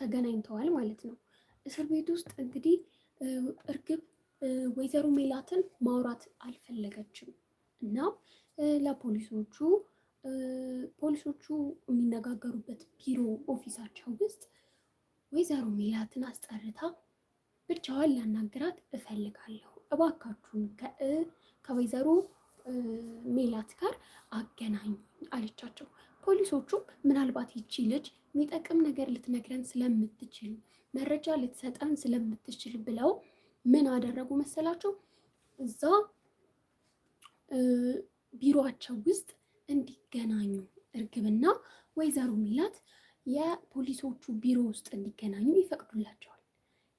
ተገናኝተዋል ማለት ነው። እስር ቤት ውስጥ እንግዲህ እርግብ ወይዘሮ ሜላትን ማውራት አልፈለገችም እና ለፖሊሶቹ ፖሊሶቹ የሚነጋገሩበት ቢሮ ኦፊሳቸው ውስጥ ወይዘሮ ሜላትን አስጠርታ ብቻዋን ላናግራት እፈልጋለሁ፣ እባካችሁን ከወይዘሮ ሜላት ጋር አገናኙ አለቻቸው። ፖሊሶቹም ምናልባት ይቺ ልጅ የሚጠቅም ነገር ልትነግረን ስለምትችል መረጃ ልትሰጠን ስለምትችል ብለው ምን አደረጉ መሰላችሁ? እዛ ቢሮቸው ውስጥ እንዲገናኙ እርግብና ወይዘሮ ሚላት የፖሊሶቹ ቢሮ ውስጥ እንዲገናኙ ይፈቅዱላቸዋል።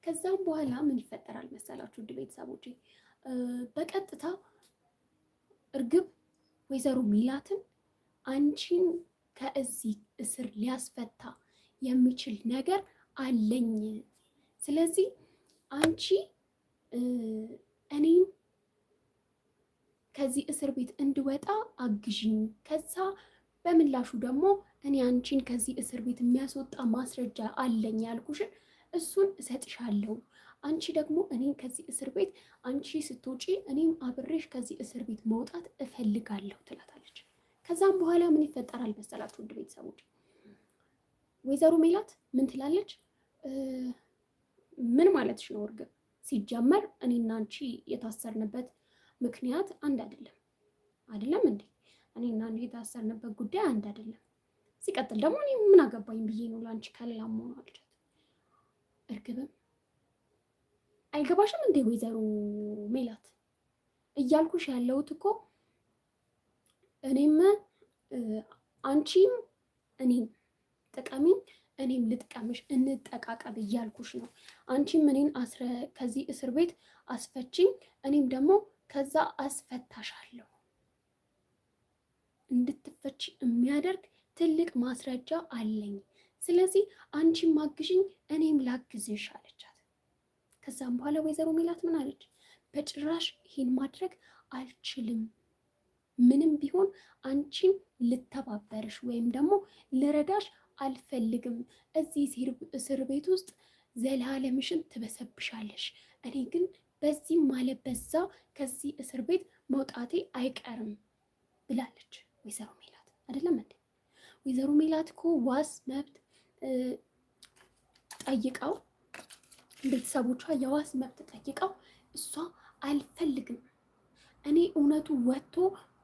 ከዛም በኋላ ምን ይፈጠራል መሰላችሁ? ውድ ቤተሰቦች በቀጥታ እርግብ ወይዘሮ ሚላትን አንቺን ከእዚህ እስር ሊያስፈታ የሚችል ነገር አለኝ። ስለዚህ አንቺ እኔም ከዚህ እስር ቤት እንድወጣ አግዥኝ፣ ከዛ በምላሹ ደግሞ እኔ አንቺን ከዚህ እስር ቤት የሚያስወጣ ማስረጃ አለኝ ያልኩሽን እሱን እሰጥሻለሁ። አንቺ ደግሞ እኔን ከዚህ እስር ቤት አንቺ ስትውጪ እኔም አብሬሽ ከዚህ እስር ቤት መውጣት እፈልጋለሁ ትላታለች። ከዛም በኋላ ምን ይፈጠራል መሰላችሁ ውድ ቤተሰቦች? ወይዘሮ ሜላት ምን ትላለች? ምን ማለትሽ ነው እርግብ? ሲጀመር እኔና አንቺ የታሰርንበት ምክንያት አንድ አይደለም አይደለም እንዴ? እኔና አንቺ የታሰርንበት ጉዳይ አንድ አይደለም። ሲቀጥል ደግሞ እኔ ምን አገባኝ ብዬ ነው ለአንቺ ከሌላ መሆኑ አልቻት። እርግብም አይገባሽም እንዴ ወይዘሮ ሜላት እያልኩሽ ያለሁት እኮ እኔም አንቺም እኔም ጥቀሚኝ እኔም ልጥቀምሽ እንጠቃቀም እያልኩሽ ነው። አንቺም እኔን ከዚህ እስር ቤት አስፈቺኝ፣ እኔም ደግሞ ከዛ አስፈታሻለሁ። እንድትፈች የሚያደርግ ትልቅ ማስረጃ አለኝ። ስለዚህ አንቺም አግዥኝ፣ እኔም ላግዝሽ አለቻት። ከዛም በኋላ ወይዘሮ ሚላት ምን አለች? በጭራሽ ይህን ማድረግ አልችልም ምንም ቢሆን አንቺን ልተባበርሽ ወይም ደግሞ ልረዳሽ አልፈልግም። እዚህ እስር ቤት ውስጥ ዘላለምሽን ትበሰብሻለሽ። እኔ ግን በዚህ ማለበዛ ከዚህ እስር ቤት መውጣቴ አይቀርም ብላለች ወይዘሮ ሜላት አይደለም እንዴ? ወይዘሮ ሜላት እኮ ዋስ መብት ጠይቀው ቤተሰቦቿ የዋስ መብት ጠይቀው እሷ አልፈልግም እኔ እውነቱ ወጥቶ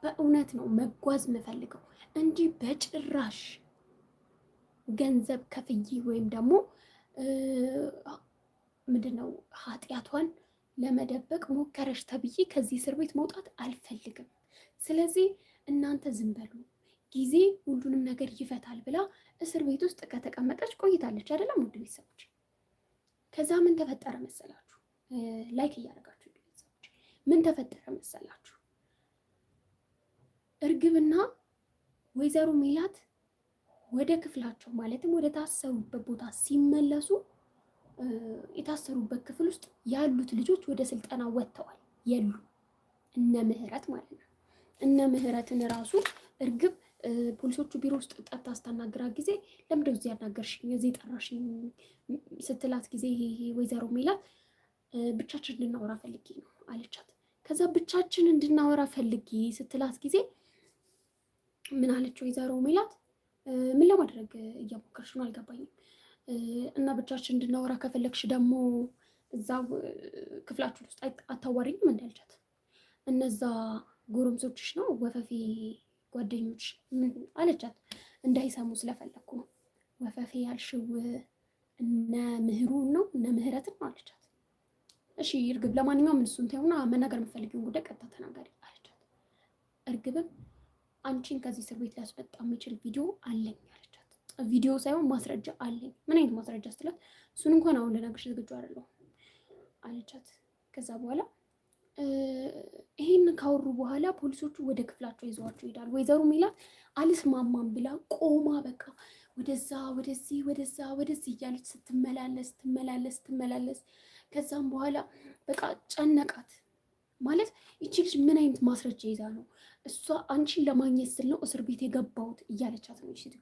በእውነት ነው መጓዝ የምፈልገው እንጂ በጭራሽ ገንዘብ ከፍዬ ወይም ደግሞ ምንድነው ኃጢአቷን ለመደበቅ ሞከረሽ ተብዬ ከዚህ እስር ቤት መውጣት አልፈልግም። ስለዚህ እናንተ ዝም በሉ፣ ጊዜ ሁሉንም ነገር ይፈታል ብላ እስር ቤት ውስጥ ከተቀመጠች ቆይታለች አይደለም? ውድ ቤተሰቦች፣ ከዛ ምን ተፈጠረ መሰላችሁ? ላይክ እያደረጋችሁ ቤተሰቦች፣ ምን ተፈጠረ መሰላችሁ? እርግብና ወይዘሮ ሜላት ወደ ክፍላቸው ማለትም ወደ ታሰሩበት ቦታ ሲመለሱ የታሰሩበት ክፍል ውስጥ ያሉት ልጆች ወደ ስልጠና ወጥተዋል። የሉ እነ ምህረት ማለት ነው። እነ ምህረትን ራሱ እርግብ ፖሊሶቹ ቢሮ ውስጥ ጠርታ ስታናግራት ጊዜ ለምደ ዚ ያናገርሽኝ እዚህ የጠራሽኝ ስትላት ጊዜ ወይዘሮ ሜላት ብቻችን እንድናወራ ፈልጌ ነው አለቻት። ከዛ ብቻችን እንድናወራ ፈልጌ ስትላት ጊዜ ምን አለችው ወይዘሮ ሜላት ምን ለማድረግ እየሞከርሽ ነው አልገባኝም እና ብቻችን እንድናወራ ከፈለግሽ ደግሞ እዛው ክፍላችን ውስጥ አታዋሪኝም እንዳልቻት እነዛ ጎረምሶችሽ ነው ወፈፌ ጓደኞች አለቻት እንዳይሰሙ ስለፈለግኩ ነው ወፈፌ ያልሽው እነ ምህሩን ነው እነ ምህረትን ነው አለቻት እሺ እርግብ ለማንኛውም እሱን ተይውና መናገር የምትፈልጊውን ጉዳይ ቀጥታ ተናገሪ አለቻት እርግብም አንቺን ከዚህ እስር ቤት ሊያስወጣ የሚችል ቪዲዮ አለኝ አለቻት። ቪዲዮ ሳይሆን ማስረጃ አለኝ። ምን አይነት ማስረጃ ስትላት፣ እሱን እንኳን አሁን ልነግርሽ ዝግጁ አይደለሁም አለቻት። ከዛ በኋላ ይሄን ካወሩ በኋላ ፖሊሶቹ ወደ ክፍላቸው ይዘዋቸው ይሄዳሉ። ወይዘሮ ሚላት አልስማማም ብላ ቆማ በቃ ወደዛ ወደዚህ ወደዛ ወደዚህ እያለች ስትመላለስ ትመላለስ ትመላለስ ከዛም በኋላ በቃ ጨነቃት ማለት ይቺ ልጅ ምን አይነት ማስረጃ ይዛ ነው እሷ አንቺን ለማግኘት ስል ነው እስር ቤት የገባሁት እያለቻት ነው።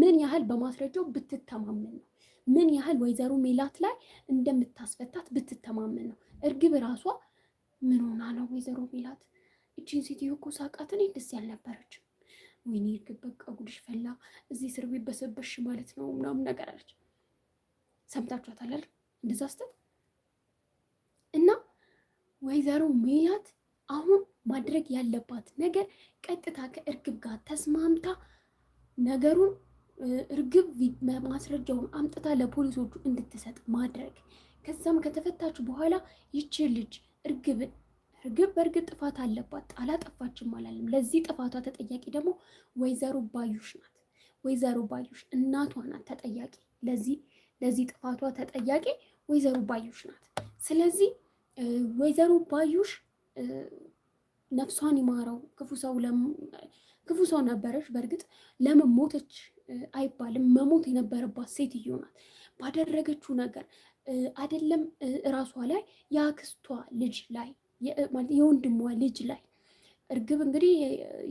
ምን ያህል በማስረጃው ብትተማመን ነው ምን ያህል ወይዘሮ ሜላት ላይ እንደምታስፈታት ብትተማመን ነው። እርግብ ራሷ ምን ሆና ነው ወይዘሮ ሜላት እችን ሴትዮ እኮ ሳቃትን ደስ ያልነበረችው። ወይኔ እርግብ በቃ ጉድሽ ፈላ፣ እዚህ እስር ቤት በሰበሽ ማለት ነው ምናምን ነገር አለች። ሰምታችኋታል አይደል? እንደዛ ስትል እና ወይዘሮ ሜላት አሁን ማድረግ ያለባት ነገር ቀጥታ ከእርግብ ጋር ተስማምታ ነገሩን እርግብ ማስረጃውን አምጥታ ለፖሊሶቹ እንድትሰጥ ማድረግ። ከዛም ከተፈታች በኋላ ይቺ ልጅ እርግብን እርግብ በእርግብ ጥፋት አለባት አላጠፋችም አላለም። ለዚህ ጥፋቷ ተጠያቂ ደግሞ ወይዘሮ ባዩሽ ናት። ወይዘሮ ባዩሽ እናቷ ናት ተጠያቂ። ለዚህ ለዚህ ጥፋቷ ተጠያቂ ወይዘሮ ባዩሽ ናት። ስለዚህ ወይዘሮ ባዩሽ ነፍሷን ይማረው። ክፉ ሰው ክፉ ሰው ነበረች። በእርግጥ ለምን ሞተች አይባልም። መሞት የነበረባት ሴትዮ ናት። ባደረገችው ነገር አይደለም እራሷ ላይ የአክስቷ ልጅ ላይ የወንድሟ ልጅ ላይ እርግብ እንግዲህ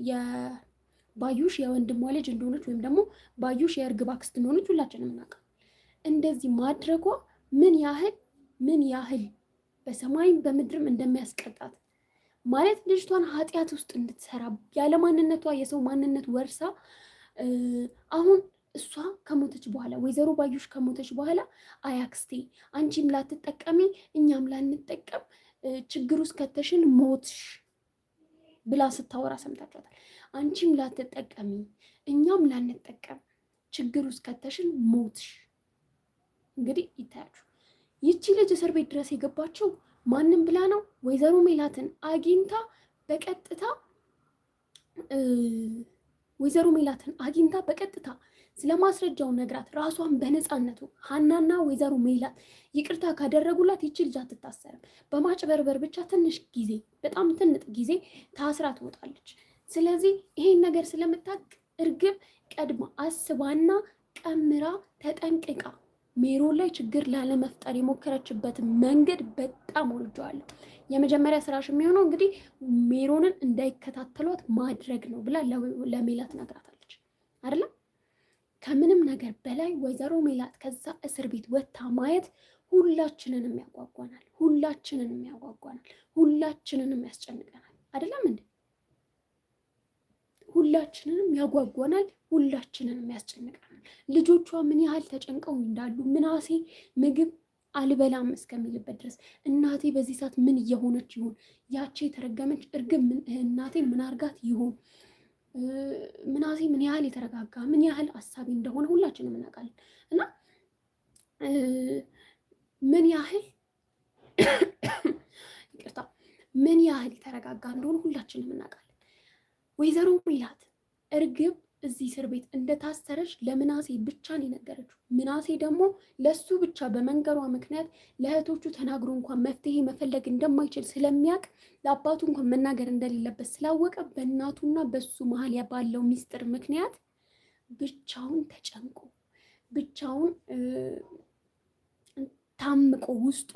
የባዩሽ የወንድሟ ልጅ እንደሆነች ወይም ደግሞ ባዩሽ የእርግብ አክስት እንደሆነች ሁላችንም እናውቃለን። እንደዚህ ማድረጓ ምን ያህል ምን ያህል በሰማይም በምድርም እንደሚያስቀጣት ማለት ልጅቷን ኃጢአት ውስጥ እንድትሰራ ያለ ማንነቷ የሰው ማንነት ወርሳ አሁን እሷ ከሞተች በኋላ ወይዘሮ ባዩሽ ከሞተች በኋላ አያክስቴ አንቺም ላትጠቀሚ እኛም ላንጠቀም ችግር ውስጥ ከተሽን ሞትሽ ብላ ስታወራ ሰምታችኋታል። አንቺም ላትጠቀሚ እኛም ላንጠቀም ችግር ውስጥ ከተሽን ሞትሽ። እንግዲህ ይታያችሁ ይቺ ልጅ እስር ቤት ድረስ የገባችው ማንም ብላ ነው ወይዘሮ ሜላትን አግኝታ በቀጥታ ወይዘሮ ሜላትን አግኝታ በቀጥታ ስለማስረጃው ነግራት ራሷን በነፃነቱ ሀናና ወይዘሮ ሜላት ይቅርታ ካደረጉላት ይቺ ልጅ አትታሰርም። በማጭበርበር ብቻ ትንሽ ጊዜ በጣም ትንጥ ጊዜ ታስራ ትወጣለች። ስለዚህ ይሄን ነገር ስለምታቅ እርግብ ቀድማ አስባና ቀምራ ተጠንቅቃ ሜሮን ላይ ችግር ላለመፍጠር የሞከረችበት መንገድ በጣም ወድጀዋለሁ። የመጀመሪያ ስራሽ የሚሆነው እንግዲህ ሜሮንን እንዳይከታተሏት ማድረግ ነው ብላ ለሜላት ነግራታለች አይደለም። ከምንም ነገር በላይ ወይዘሮ ሜላት ከዛ እስር ቤት ወጥታ ማየት ሁላችንንም ያጓጓናል፣ ሁላችንንም ያጓጓናል፣ ሁላችንንም ያስጨንቀናል። አይደለም እንዴ? ሁላችንንም ያጓጓናል፣ ሁላችንንም ያስጨንቀናል። ልጆቿ ምን ያህል ተጨንቀው እንዳሉ ምናሴ ምግብ አልበላም እስከሚልበት ድረስ እናቴ በዚህ ሰዓት ምን እየሆነች ይሆን? ያቺ የተረገመች እርግብ እናቴ ምን አርጋት ይሆን? ምናሴ ምን ያህል የተረጋጋ ምን ያህል አሳቢ እንደሆነ ሁላችንም እናውቃለን። እና ምን ያህል ይቅርታ፣ ምን ያህል የተረጋጋ እንደሆነ ሁላችንም እናውቃለን። ወይዘሮ ሚላት እርግብ እዚህ እስር ቤት እንደታሰረች ለምናሴ ብቻ ነው የነገረችው። ምናሴ ደግሞ ለሱ ብቻ በመንገሯ ምክንያት ለእህቶቹ ተናግሮ እንኳን መፍትሄ መፈለግ እንደማይችል ስለሚያውቅ ለአባቱ እንኳን መናገር እንደሌለበት ስላወቀ በእናቱና በሱ መሀል ባለው ሚስጥር ምክንያት ብቻውን ተጨንቆ ብቻውን ታምቆ ውስጡ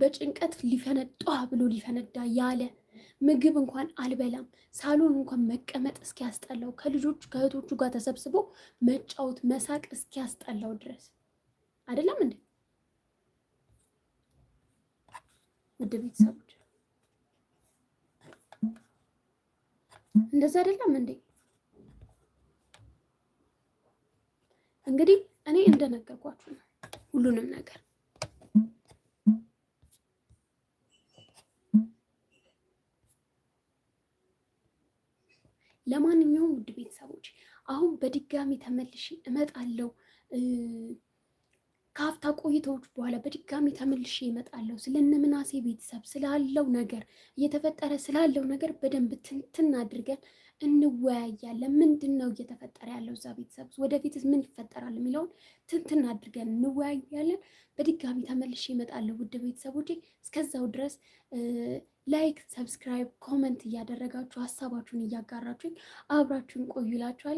በጭንቀት ሊፈነዳ ብሎ ሊፈነዳ ያለ ምግብ እንኳን አልበላም፣ ሳሎን እንኳን መቀመጥ እስኪያስጠላው ከልጆች ከእህቶቹ ጋር ተሰብስቦ መጫወት መሳቅ እስኪያስጠላው ድረስ አይደለም እንዴ? ውድ ቤተሰቦች እንደዛ አይደለም እንዴ? እንግዲህ እኔ እንደነገርኳችሁ ነው ሁሉንም ነገር ለማንኛውም ውድ ቤተሰቦች አሁን በድጋሚ ተመልሼ እመጣለሁ። ከሀፍታ ቆይታዎች በኋላ በድጋሚ ተመልሼ እመጣለሁ። ስለነ ምናሴ ቤተሰብ ስላለው ነገር እየተፈጠረ ስላለው ነገር በደንብ ትንትን አድርገን እንወያያለን። ምንድን ነው እየተፈጠረ ያለው እዛ ቤተሰብ ወደፊት ምን ይፈጠራል የሚለውን ትንትን አድርገን እንወያያለን። በድጋሚ ተመልሼ እመጣለሁ ውድ ቤተሰቦቼ እስከዛው ድረስ ላይክ፣ ሰብስክራይብ፣ ኮመንት እያደረጋችሁ ሀሳባችሁን እያጋራችሁኝ አብራችሁን ቆዩ